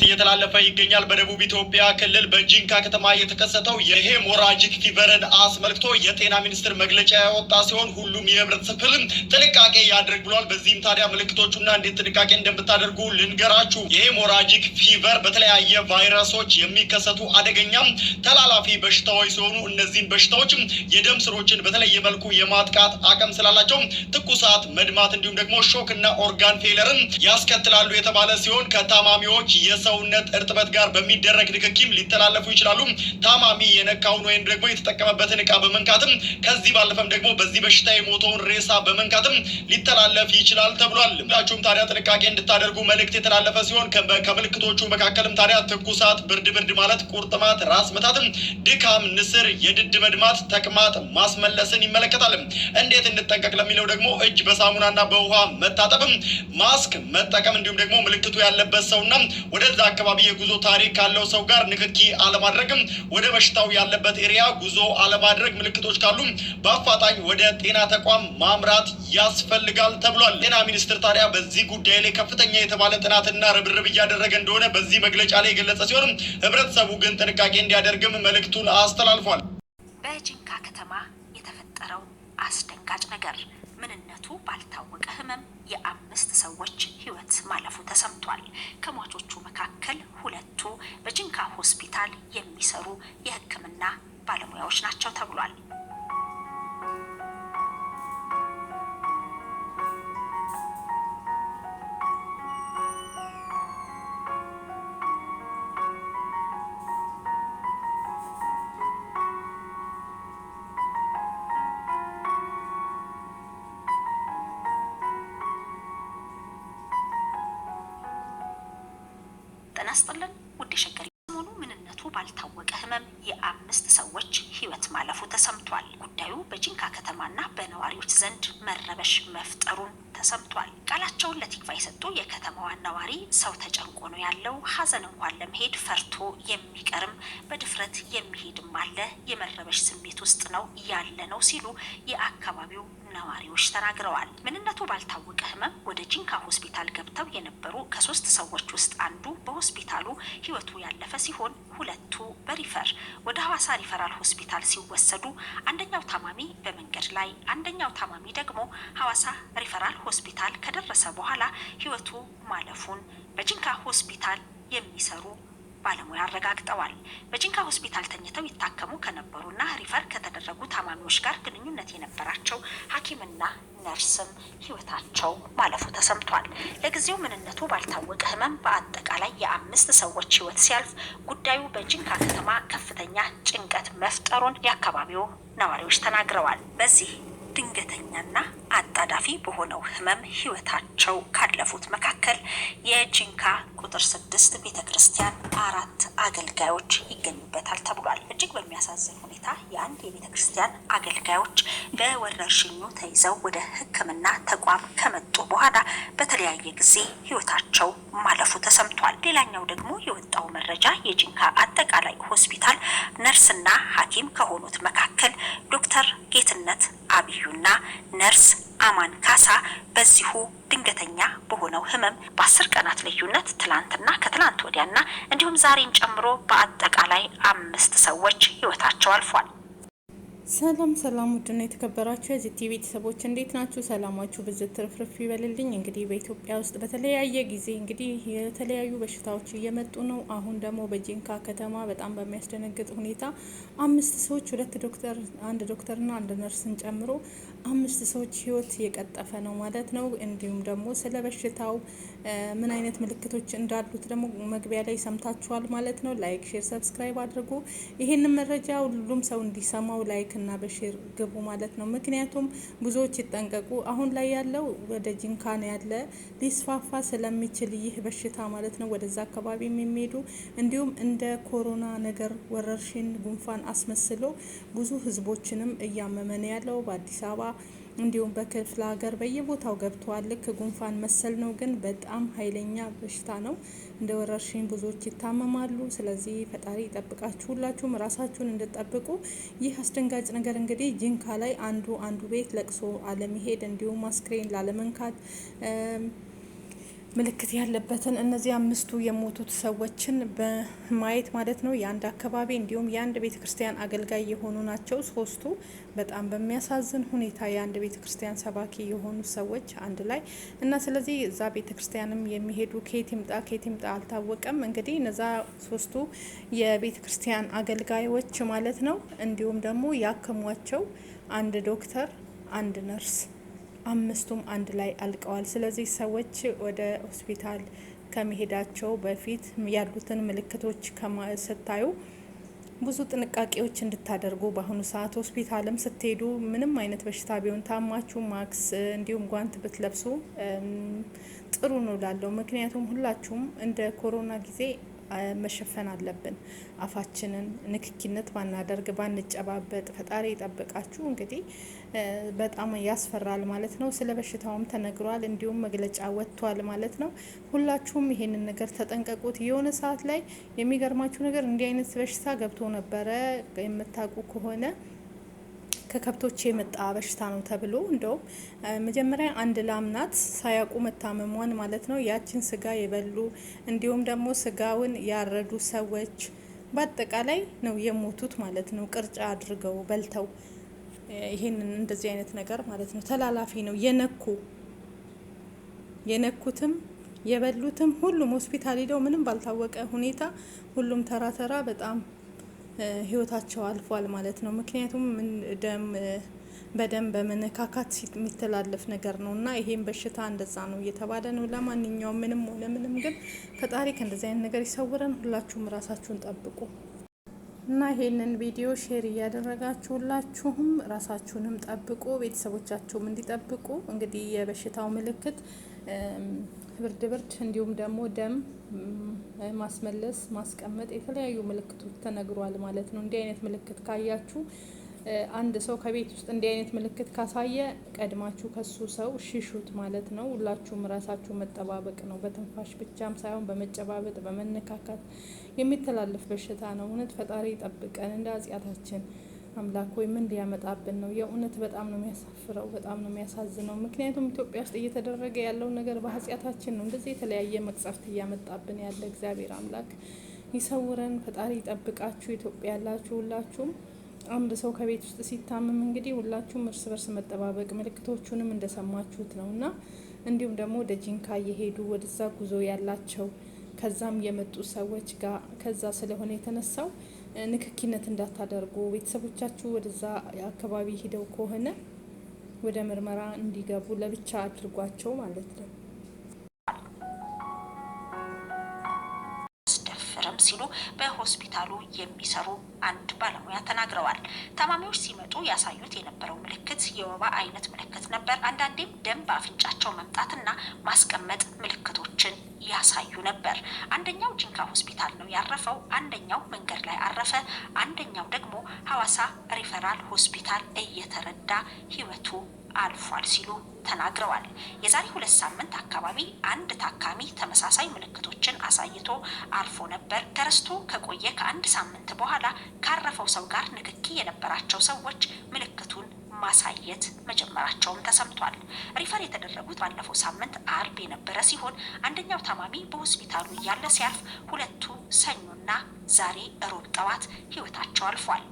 መልእክት እየተላለፈ ይገኛል። በደቡብ ኢትዮጵያ ክልል በጂንካ ከተማ የተከሰተው የሄሞራጂክ ፊቨርን አስመልክቶ የጤና ሚኒስቴር መግለጫ ያወጣ ሲሆን ሁሉም የህብረተሰብ ክፍልም ጥንቃቄ ያድርግ ብሏል። በዚህም ታዲያ ምልክቶቹና እንዴት ጥንቃቄ እንደምታደርጉ ልንገራችሁ። የሄሞራጂክ ፊቨር በተለያየ ቫይረሶች የሚከሰቱ አደገኛም ተላላፊ በሽታዎች ሲሆኑ እነዚህን በሽታዎችም የደም ስሮችን በተለየ መልኩ የማጥቃት አቅም ስላላቸው ትኩሳት፣ መድማት እንዲሁም ደግሞ ሾክ እና ኦርጋን ፌለርን ያስከትላሉ የተባለ ሲሆን ከታማሚዎች የሰ ከሰውነት እርጥበት ጋር በሚደረግ ንክኪም ሊተላለፉ ይችላሉ። ታማሚ የነካውን ወይም ደግሞ የተጠቀመበትን እቃ በመንካትም ከዚህ ባለፈም ደግሞ በዚህ በሽታ የሞተውን ሬሳ በመንካትም ሊተላለፍ ይችላል ተብሏል። ሁላችሁም ታዲያ ጥንቃቄ እንድታደርጉ መልእክት የተላለፈ ሲሆን ከምልክቶቹ መካከልም ታዲያ ትኩሳት፣ ብርድ ብርድ ማለት፣ ቁርጥማት፣ ራስ ምታትም፣ ድካም፣ ንስር፣ የድድ መድማት፣ ተቅማጥ፣ ማስመለስን ይመለከታል። እንዴት እንጠንቀቅ ለሚለው ደግሞ እጅ በሳሙናና በውሃ መታጠብም፣ ማስክ መጠቀም እንዲሁም ደግሞ ምልክቱ ያለበት ሰውና ወደ በዛ አካባቢ የጉዞ ታሪክ ካለው ሰው ጋር ንክኪ አለማድረግም፣ ወደ በሽታው ያለበት ኤሪያ ጉዞ አለማድረግ ምልክቶች ካሉ በአፋጣኝ ወደ ጤና ተቋም ማምራት ያስፈልጋል ተብሏል። ጤና ሚኒስቴር ታዲያ በዚህ ጉዳይ ላይ ከፍተኛ የተባለ ጥናትና ርብርብ እያደረገ እንደሆነ በዚህ መግለጫ ላይ የገለጸ ሲሆን ህብረተሰቡ ግን ጥንቃቄ እንዲያደርግም መልእክቱን አስተላልፏል። በጅንካ ከተማ የተፈጠረው አስደንጋጭ ነገር ምንነቱ ባልታወቀ ህመም የአምስት ሰዎች ህይወት ማለፉ ተሰምቷል። ከሟቾቹ መካከል ሁለቱ በጅንካ ሆስፒታል የሚሰሩ የህክምና ባለሙያዎች ናቸው ተብሏል። ጤና ይስጥልን ውድ የሸገር ሰሞኑ ምንነቱ ባልታወቀ ህመም የአምስት ሰዎች ህይወት ማለፉ ተሰምቷል። ጉዳዩ በጂንካ ከተማና በነዋሪዎች ዘንድ መረበሽ መፍጠሩን ተሰምቷል። ቃላቸውን ለቲክቫ የሰጡ የከተማዋ ነዋሪ ሰው ተጨንቆ ነው ያለው፣ ሀዘን እንኳን ለመሄድ ፈርቶ የሚቀርም በድፍረት የሚሄድም አለ፣ የመረበሽ ስሜት ውስጥ ነው ያለ ነው ሲሉ የአካባቢው ነዋሪዎች ተናግረዋል። ምንነቱ ባልታወቀ ህመም ወደ ጂንካ ሆስፒታል ገብተው የነበሩ ከሶስት ሰዎች ውስጥ አንዱ በሆስፒታሉ ህይወቱ ያለፈ ሲሆን ሁለቱ በሪፈር ወደ ሐዋሳ ሪፈራል ሆስፒታል ሲወሰዱ አንደኛው ታማሚ በመንገድ ላይ አንደኛው ታማሚ ደግሞ ሐዋሳ ሪፈራል ሆስፒታል ከደረሰ በኋላ ህይወቱ ማለፉን በጂንካ ሆስፒታል የሚሰሩ ባለሙያ አረጋግጠዋል። በጂንካ ሆስፒታል ተኝተው ይታከሙ ከነበሩና ሪፈር ከተደረጉ ታማሚዎች ጋር ግንኙነት የነበራቸው ሐኪምና ነርስም ህይወታቸው ማለፉ ተሰምቷል። ለጊዜው ምንነቱ ባልታወቀ ህመም በአጠቃላይ የአምስት ሰዎች ህይወት ሲያልፍ ጉዳዩ በጂንካ ከተማ ከፍተኛ ጭንቀት መፍጠሩን የአካባቢው ነዋሪዎች ተናግረዋል። በዚህ ድንገተኛና አጣዳፊ በሆነው ህመም ህይወታቸው ካለፉት መካከል የጂንካ ቁጥር ስድስት ቤተ ክርስቲያን አራት አገልጋዮች ይገኙበታል ተብሏል። እጅግ በሚያሳዝን ሁኔታ የአንድ የቤተ ክርስቲያን አገልጋዮች በወረርሽኙ ተይዘው ወደ ሕክምና ተቋም ከመጡ በኋላ በተለያየ ጊዜ ህይወታቸው ማለፉ ተሰምቷል። ሌላኛው ደግሞ የወጣው መረጃ የጂንካ አጠቃላይ ሆስፒታል ነርስና ሐኪም ከሆኑት መካከል ዶክተር አብዩና ነርስ አማን ካሳ በዚሁ ድንገተኛ በሆነው ህመም በአስር ቀናት ልዩነት ትላንትና ከትላንት ወዲያና እንዲሁም ዛሬን ጨምሮ በአጠቃላይ አምስት ሰዎች ህይወታቸው አልፏል። ሰላም ሰላም፣ ውድና የተከበራችሁ የዚህ ቲቪ ቤተሰቦች እንዴት ናችሁ? ሰላማችሁ ብዝት ትርፍርፍ ይበልልኝ። እንግዲህ በኢትዮጵያ ውስጥ በተለያየ ጊዜ እንግዲህ የተለያዩ በሽታዎች እየመጡ ነው። አሁን ደግሞ በጂንካ ከተማ በጣም በሚያስደነግጥ ሁኔታ አምስት ሰዎች ሁለት ዶክተር አንድ ዶክተርና አንድ ነርስን ጨምሮ አምስት ሰዎች ህይወት የቀጠፈ ነው ማለት ነው። እንዲሁም ደግሞ ስለ በሽታው ምን አይነት ምልክቶች እንዳሉት ደግሞ መግቢያ ላይ ሰምታችኋል ማለት ነው። ላይክ፣ ሼር፣ ሰብስክራይብ አድርጉ። ይህንን መረጃ ሁሉም ሰው እንዲሰማው ላይክ እና በሼር ግቡ ማለት ነው። ምክንያቱም ብዙዎች ይጠንቀቁ። አሁን ላይ ያለው ወደ ጂንካን ያለ ሊስፋፋ ስለሚችል ይህ በሽታ ማለት ነው ወደዛ አካባቢ የሚሄዱ እንዲሁም እንደ ኮሮና ነገር ወረርሽኝ ጉንፋን አስመስሎ ብዙ ህዝቦችንም እያመመን ያለው በአዲስ አበባ እንዲሁም በክፍለ ሀገር በየቦታው ገብተዋል። ልክ ጉንፋን መሰል ነው፣ ግን በጣም ኃይለኛ በሽታ ነው። እንደ ወረርሽኝ ብዙዎች ይታመማሉ። ስለዚህ ፈጣሪ ይጠብቃችሁ። ሁላችሁም ራሳችሁን እንድጠብቁ። ይህ አስደንጋጭ ነገር እንግዲህ ጂንካ ላይ አንዱ አንዱ ቤት ለቅሶ አለመሄድ፣ እንዲሁም አስክሬን ላለመንካት ምልክት ያለበትን እነዚህ አምስቱ የሞቱት ሰዎችን በማየት ማለት ነው የአንድ አካባቢ እንዲሁም የአንድ ቤተ ክርስቲያን አገልጋይ የሆኑ ናቸው። ሶስቱ በጣም በሚያሳዝን ሁኔታ የአንድ ቤተ ክርስቲያን ሰባኪ የሆኑ ሰዎች አንድ ላይ እና ስለዚህ እዛ ቤተ ክርስቲያንም የሚሄዱ ከየት ይምጣ ከየት ይምጣ አልታወቀም። እንግዲህ እነዛ ሶስቱ የቤተ ክርስቲያን አገልጋዮች ማለት ነው እንዲሁም ደግሞ ያከሟቸው አንድ ዶክተር፣ አንድ ነርስ አምስቱም አንድ ላይ አልቀዋል። ስለዚህ ሰዎች ወደ ሆስፒታል ከመሄዳቸው በፊት ያሉትን ምልክቶች ስታዩ ብዙ ጥንቃቄዎች እንድታደርጉ በአሁኑ ሰዓት ሆስፒታልም ስትሄዱ ምንም አይነት በሽታ ቢሆን ታማችሁ ማክስ እንዲሁም ጓንት ብትለብሱ ጥሩ ነው ላለው። ምክንያቱም ሁላችሁም እንደ ኮሮና ጊዜ መሸፈን አለብን። አፋችንን ንክኪነት ባናደርግ ባንጨባበጥ፣ ፈጣሪ ይጠብቃችሁ። እንግዲህ በጣም ያስፈራል ማለት ነው። ስለ በሽታውም ተነግሯል፣ እንዲሁም መግለጫ ወጥቷል ማለት ነው። ሁላችሁም ይሄንን ነገር ተጠንቀቁት። የሆነ ሰዓት ላይ የሚገርማችሁ ነገር እንዲህ አይነት በሽታ ገብቶ ነበረ የምታውቁ ከሆነ ከከብቶች የመጣ በሽታ ነው ተብሎ እንደውም መጀመሪያ አንድ ላም ናት ሳያውቁ መታመሟን ማለት ነው ያችን ስጋ የበሉ እንዲሁም ደግሞ ስጋውን ያረዱ ሰዎች በአጠቃላይ ነው የሞቱት ማለት ነው። ቅርጫ አድርገው በልተው ይህንን እንደዚህ አይነት ነገር ማለት ነው ተላላፊ ነው። የነኩ የነኩትም የበሉትም ሁሉም ሆስፒታል ሄደው ምንም ባልታወቀ ሁኔታ ሁሉም ተራ ተራ በጣም ህይወታቸው አልፏል ማለት ነው። ምክንያቱም ደም በደም በመነካካት የሚተላለፍ ነገር ነው እና ይሄን በሽታ እንደዛ ነው እየተባለ ነው። ለማንኛውም ምንም ሆነ ምንም ግን ፈጣሪ ከእንደዚህ አይነት ነገር ይሰውረን። ሁላችሁም ራሳችሁን ጠብቁ እና ይሄንን ቪዲዮ ሼር ሁላችሁም ራሳችሁንም ጠብቁ፣ ቤተሰቦቻችሁም እንዲጠብቁ እንግዲህ የበሽታው ምልክት ብርድ ብርድ እንዲሁም ደግሞ ደም ማስመለስ ማስቀመጥ የተለያዩ ምልክቶች ተነግሯል ማለት ነው። እንዲህ አይነት ምልክት ካያችሁ አንድ ሰው ከቤት ውስጥ እንዲህ አይነት ምልክት ካሳየ ቀድማችሁ ከሱ ሰው ሽሹት ማለት ነው። ሁላችሁም ራሳችሁ መጠባበቅ ነው። በትንፋሽ ብቻም ሳይሆን በመጨባበጥ በመነካካት የሚተላለፍ በሽታ ነው። እውነት ፈጣሪ ይጠብቀን እንደ አጽያታችን አምላክ ወይ ምን ሊያመጣብን ነው? የእውነት በጣም ነው የሚያሳፍረው፣ በጣም ነው የሚያሳዝነው። ምክንያቱም ኢትዮጵያ ውስጥ እየተደረገ ያለው ነገር በኃጢአታችን ነው እንደዚህ የተለያየ መቅሰፍት እያመጣብን ያለ። እግዚአብሔር አምላክ ይሰውረን፣ ፈጣሪ ይጠብቃችሁ። ኢትዮጵያ ያላችሁ ሁላችሁም አንድ ሰው ከቤት ውስጥ ሲታመም እንግዲህ ሁላችሁም እርስ በርስ መጠባበቅ ምልክቶቹንም እንደሰማችሁት ነው እና እንዲሁም ደግሞ ወደ ጂንካ እየሄዱ ወደዛ ጉዞ ያላቸው ከዛም የመጡ ሰዎች ጋር ከዛ ስለሆነ የተነሳው ንክኪነት እንዳታደርጉ ቤተሰቦቻችሁ ወደዛ አካባቢ ሂደው ከሆነ ወደ ምርመራ እንዲገቡ ለብቻ አድርጓቸው ማለት ነው። ሲሉ በሆስፒታሉ የሚሰሩ አንድ ባለሙያ ተናግረዋል። ታማሚዎች ሲመጡ ያሳዩት የነበረው ምልክት የወባ አይነት ምልክት ነበር። አንዳንዴም ደም በአፍንጫቸው መምጣትና ማስቀመጥ ምልክቶችን ያሳዩ ነበር። አንደኛው ጂንካ ሆስፒታል ነው ያረፈው፣ አንደኛው መንገድ ላይ አረፈ፣ አንደኛው ደግሞ ሐዋሳ ሪፈራል ሆስፒታል እየተረዳ ህይወቱ አልፏል ሲሉ ተናግረዋል። የዛሬ ሁለት ሳምንት አካባቢ አንድ ታካሚ ተመሳሳይ ምልክቶችን አሳይቶ አርፎ ነበር። ተረስቶ ከቆየ ከአንድ ሳምንት በኋላ ካረፈው ሰው ጋር ንክኪ የነበራቸው ሰዎች ምልክቱን ማሳየት መጀመራቸውም ተሰምቷል። ሪፈር የተደረጉት ባለፈው ሳምንት አርብ የነበረ ሲሆን አንደኛው ታማሚ በሆስፒታሉ እያለ ሲያርፍ፣ ሁለቱ ሰኞና ዛሬ እሮብ ጠዋት ህይወታቸው አልፏል።